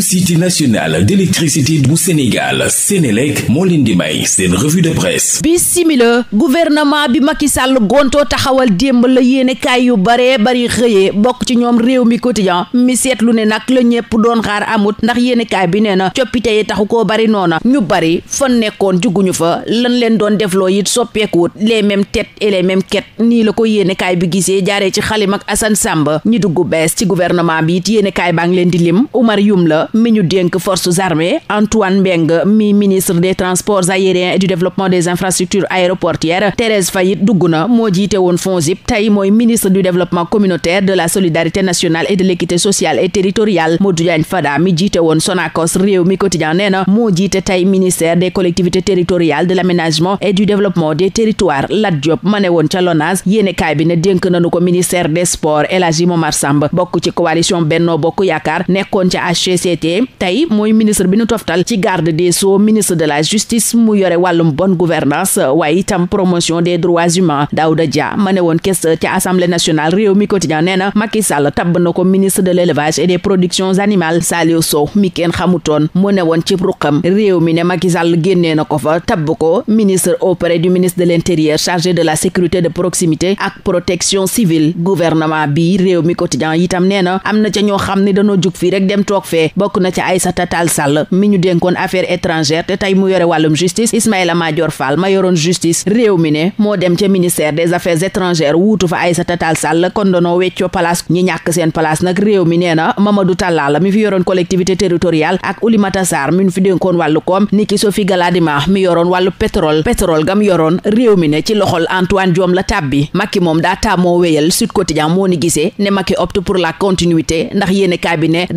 société nationale d'électricité bu Sénégal Sénélec bi simila gouvernement bi Macky Sall gontoo taxawal démb la yéenekaay yu baree bari xëyee bokk ci ñoom réew mi quotidien mi seetlu ne nag la ñépp doon xaar amut ndax yéenekaay bi nee na coppite yi taxu koo bari noona ñu bari fan nekkoon juguñu fa lan leen doon defloo it soppeekuwut les mêmes têtes et les nii la ko yéenekaay bi gisee jaaree ci xalim asan Assane Samba ñi dugg bees ci gouvernement bi it yéenekaay baa ngi leen di lim Oumar Youm la ba mi ñu dénk forces armées Antoine Mbeng mi ministre des transports aériens et du développement des infrastructures aéroportières Thérèse Faye dugg na moo jiite woon FONGIP tey mooy ministre du développement communautaire de la solidarité nationale et de l'équité sociale et territoriale Modou Diagne Fada mi jiite woon Sonacos réew mi quotidien nee na moo jiite tey ministère des collectivités territoriales de l'aménagement et du développement des territoires Lat Diop ma ne woon ca LONASE yéene bi ne dénk nañu ko ministère des sports El Hadji Momar Samb bokk ci coalition Benno Bokk Yaakaar seetee tey mooy ministre bi nu toftal ci garde des sceaux ministre de la justice mu yore wàllum bon gouvernance waaye itam promotion des droits humains Daouda Dia ma ne woon kes ca assemblée nationale réew mi quotidien nee na Macky Sall tabb na ko ministre de l'élevage et des productions animal Saliou Sow mi kenn xamutoon mu ne woon ci ruqam réew mi ne Macky Sall génnee na ko fa tabb ko ministre auprès du ministre de l'intérieur chargé de la sécurité de proximité ak protection civile gouvernement bi réew mi quotidien itam nee na am na ca ñoo xam ne dañoo jug fii rek dem toog fee bokk na ci Aïssata Tall Sall mi ñu dénkoon affaires étrangères te tey mu yore wàllum justice Ismaïla Madior Fall ma yoroon justice réew mi ne moo dem ca ministère des affaires étrangères wuutu fa Aïssata Tall Sall kon doonoo weccoo place ñi ñàkk seen place nag réew mi nee na ma Talla la mi fi yoroon collectivité territoriale ak Oulimata Sarr mi ñu fi dénkoon wàllu koom ni ki Sophie Galadima mi yoroon wàllu pétrole pétrole gam yoroon réew mi ne ci loxol Antoine Diome la tàbbi Macky moom daa taamoo wéyal Sud Quotidien moo ni gisee ne Macky opte pour la continuité ndax yéene cabinet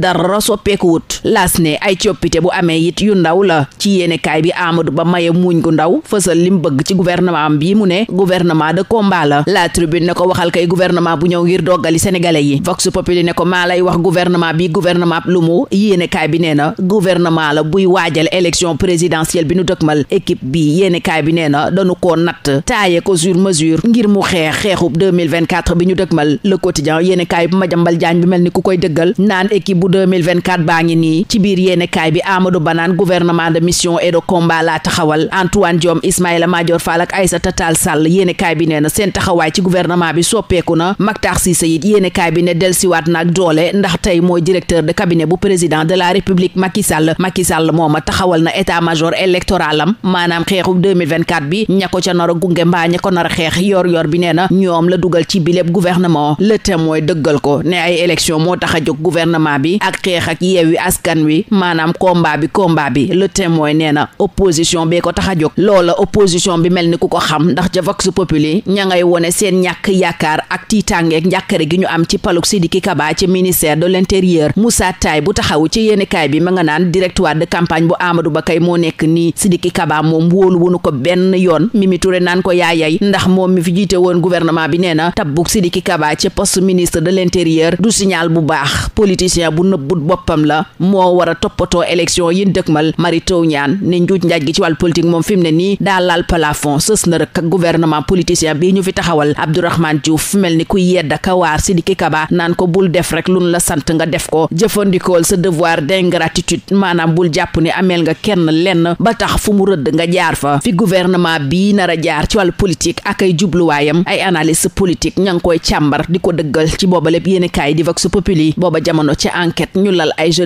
wut las ne ay coppite bu amee it yu ndaw la ci yéenekaay bi Amadou Ba maye muuñ gu ndaw fësal lim bëgg ci gouvernement am mu ne gouvernement de combat la la tribune ne ko waxal kay gouvernement bu ñëw ngir doggali sénégalais yi vox populi ne ko maa lay wax gouvernement bi gouvernement lu mu yéenekaay bi nee na gouvernement la buy waajal élection présidentielle bi nu mal équipe bi yéenekaay bi nee na dañu koo natt taaye ko sur mesure ngir mu xeex xeexub 2024 bi ñu dëkkmal le quotidien ma jambal jaañ bi ni ku koy baa ngi nii ci biir yéenekaay bi Amadou Ba naan gouvernement de mission et de combat laa taxawal Antoine Diome Ismaïla Madior Fall ak Aïssata Tall Sall yéenekaay bi nee seen taxawaay ci gouvernement bi soppeeku na Mactar Cissé it yéenekaay bi ne delsiwaat nag doole ndax tey mooy directeur de cabinet bu président de la République Macky Sall Macky Sall mooma taxawal na état major électoral am maanaam xeexu 2024 bi ña ca nar a gunge mbaa ña ko nar a xeex yor yor bi na ñoom la ko ne a jóg gouvernement yeewi askan wi maanaam combat bi combat bi le témoin nee na bee ko tax a jóg loola opposition bi mel ni ku ko xam ndax ca vox populi ña ngay wone seen ñàkk yaakaar ak tiitangeek njàkkare gi ñu am ci paluk Sidiki Kaba ci ministère de l'intérieur Moussa Taye bu taxaw ci yéenekaay bi ma nga naan directoire de campagne bu Amadou Ba kay moo nekk nii Sidiki Kaba moom wóolu wunu ko benn yoon mi Mimi Touré naan ko yaayay ndax moom mi fi jiite woon gouvernement bi nee na tabbu Sidiki Kaba ci de l'intérieur du signal bu na moo war a toppatoo élection yi dëkkmal Mary Teuw Niane ne njuuj njaaj gi ci wàll politique moom fi ne nii daa laal plafond sës na rek ak gouvernement politicien bi ñu fi taxawal Abdourahmane Diouf mel ni ku yedd kawaar Sidiki Kaba naan ko bul def rek lun la sant nga def ko jëfandikool sa devoir d'ingratitude maanaam bul jàpp ne ameel nga kenn lenn ba tax fu mu rëdd nga jaar fa fi gouvernement bii nar a jaar ci wal politique ak ay jubluwaayam ay analyste politique ña ngi koy ko dëggal ci booba lépp yéen kaay di vox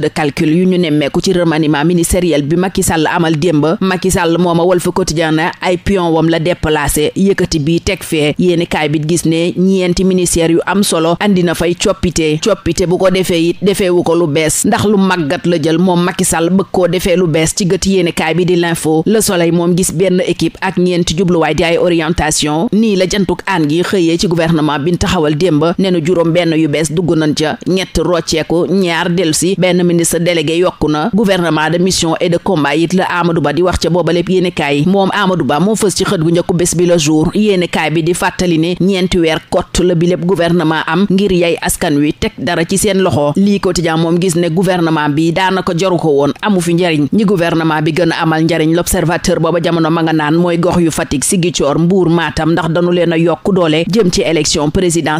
de calcul yu ñu nemmeeku ci remaniement ministériel bi Macky Sall amal démb Macky Sall mooma Walf Quotidien na ay pion wam la déplacé yëkkati bi teg fee yéeni kaay bi gis ne ñeenti ministère yu am solo andi na fay coppite coppite bu ko defee it defeewu ko lu bees ndax lu màggat la jël moom Macky Sall bëgg koo defee lu bees ci gët yéeni kaay bi di l'info le soleil moom gis benn équipe ak ñeenti jubluwaay di ay orientation nii la jantuk aan gi xëyee ci gouvernement bi ñu taxawal démb nenu juróom benn yu bees dugg nañ ca ñett rocceeku ministre délégué yokku na gouvernement de mission et de combat it la Amadou Ba di wax ca booba lépp yéene kaay moom Amadou Ba moo fës ci xët gu njëkku bés bi la jour yéene bi di fàttali ñeenti weer kott la bi lépp gouvernement am ngir yay askan wi teg dara ci seen loxo lii quotidien moom gis ne gouvernement bi ko woon amu fi njariñ ñi gouvernement bi gën a amal njariñ l'observateur booba jamono ma nga naan mooy gox yu Fatick Ziguinchor Mbuur Matam ndax dañu leen a yokk doole jëm ci élection présidentielle a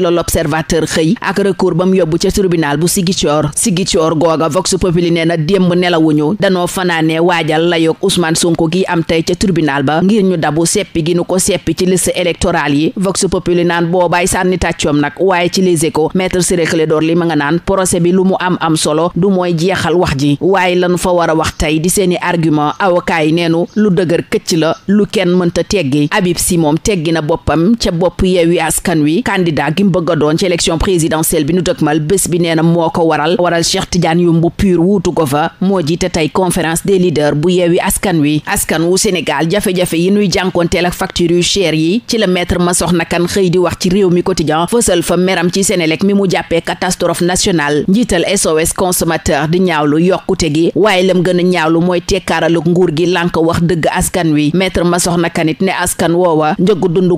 ci la l'observateur xëy ak recours ba mu yóbbu ca tribunal bu Sigicoor Sigicoor googa vox populi nee na démb nelawuñu danoo fanaane waajal layoog Ousmane Sonko gi am tey ca tribunal ba ngir ñu dabu seppi gi nu ko seppi ci liste électorale yi vox populi naan boobaay sànni tàccoom nag waaye ci les échos maître Ciré Clédor Ly ma nga naan procès bi lu mu am am solo du mooy jeexal wax ji waaye lanu fa war a wax tey di seeni argument avocat yi neenu lu dëgër këcc lu kenn mënta teggi Habib Sy moom teggi na boppam ca bopp Yewwi Askan Wi candidat gi bëgg a doon ci élection présidentielle bi nu dëkkmal bés bi nee moo ko waral waral Cheikh Tidiane Yumbu pur wuutu ko fa moo jiite tey conférence des leaders bu yeewi askan wi askan wu Sénégal jafe-jafe yi nuy jànkonteel ak facture yu cher yi ci la maître Massokhna Kane xëy di wax ci réew mi quotidien fësal fa meram ci Sénélec mi mu jàppee catastrophe national njiital SOS consommateur di ñaawlu yokkute gi waaye lam gën a ñaawlu mooy tekkaaraluk nguur gi lànk wax dëgg askan wi maître Massokhna Kane it ne askan woowa njëgu dund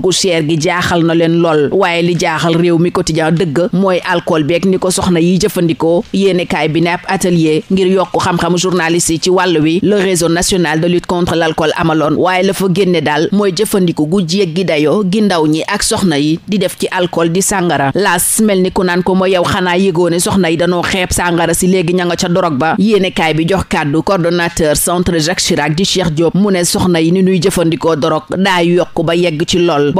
réew mi quotidien dëgg mooy alcool beeg ni ko soxna yi jëfandikoo yéene kaay bi ne ab atelier ngir yokk xam-xam journaliste yi ci wàll wi le réseau national de lutte contre l'alcool amaloon waaye lafa génne daal mooy jëfandiku gu jéggi dayoo gi ndaw ñi ak soxna yi di def ci alcool di sàngara laas mel ni ku naan ko mooy yow xanaa yéegoone soxna yi danoo xeep sàngara si léegi ña nga ca dorog ba yéenekaay bi jox kàddu coordonnateur centre Jacques Chirac di Cheikh Diop mu ne soxna yi ni nuy jëfandikoo dorog daa yokk ba yegg ci lool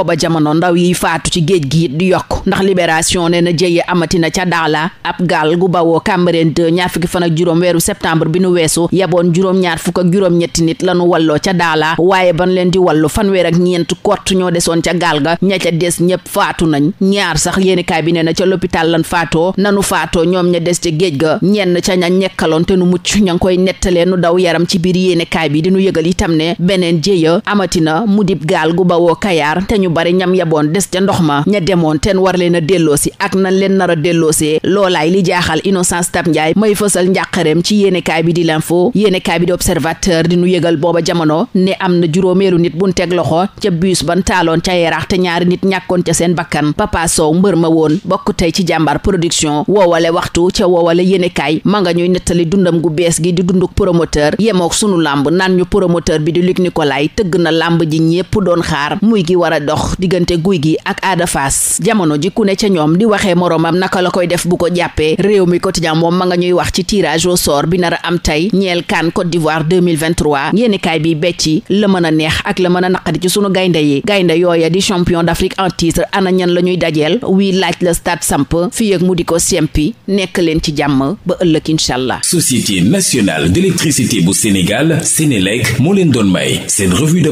ndax libération ne na jëye amatina ca daala ab gaal gu bawoo Cambérène de ñaar fukki fan ak juróom weeru septembre bi nu weesu yaboon juróom-ñaar fukk ak juróom-ñetti nit lanu walloo ca daala waaye ban leen di wallu fanweer ak ña ca des ñëpp bi ne na ca l'hôpital lan faatoo nanu faatoo ñoom ña des ca ga ñenn ca ña ñekkaloon te nu mucc ña ngi koy nettalee nu daw yaram ci biir yéenikaay bi di nu yëgal itam ne beneen jéya mu dib gaal gu bawoo Kayaar te ñu bari ñam yaboon des ca ndox ma ña demoon teen war leen a delloosi ak nan leen nar a delloosee loolaay li jaaxal innocence tab njaay may fësal njàqareem ci yéenekaay bi di l'info yéenekaay bi di observateur di nu yëgal booba jamono ne am na juróomeelu nit buñ teg loxo ca bus ban taaloon ca yaraax te ñaari nit ñàkkoon ca seen bakkan papa sow mbër ma woon bokk tey ci jàmbar production woowale waxtu ca woowale yéenekaay ma nga ñuy nettali dundam gu bees gi di dunduk promoteur yemook sunu làmb nan ñu promoteur bi di Luc Nicolaï tëgg na làmb ji ñépp doon xaar muy gi a dox ku ne ca ñoom di waxee moroomam naka la koy def bu ko jàppee réew mi quotidien moom ma nga ñuy wax ci tirage au sort bi nar am tey ñeel kaan Côte d'Ivoire 2023 yéenekaay bi becci la mën a neex ak la mën a naqadi ci sunu gaynde yi gaynde yooya di champion d'Afrique en titre ana ñan la ñuy dajeel wii laaj la stade samp fii ak mu di ko sempi nekk leen ci jàmm ba ëllëg incha allah société nationale d'électricité bu Sénégal Sénélec moo leen doon may seen revue